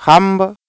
Hamba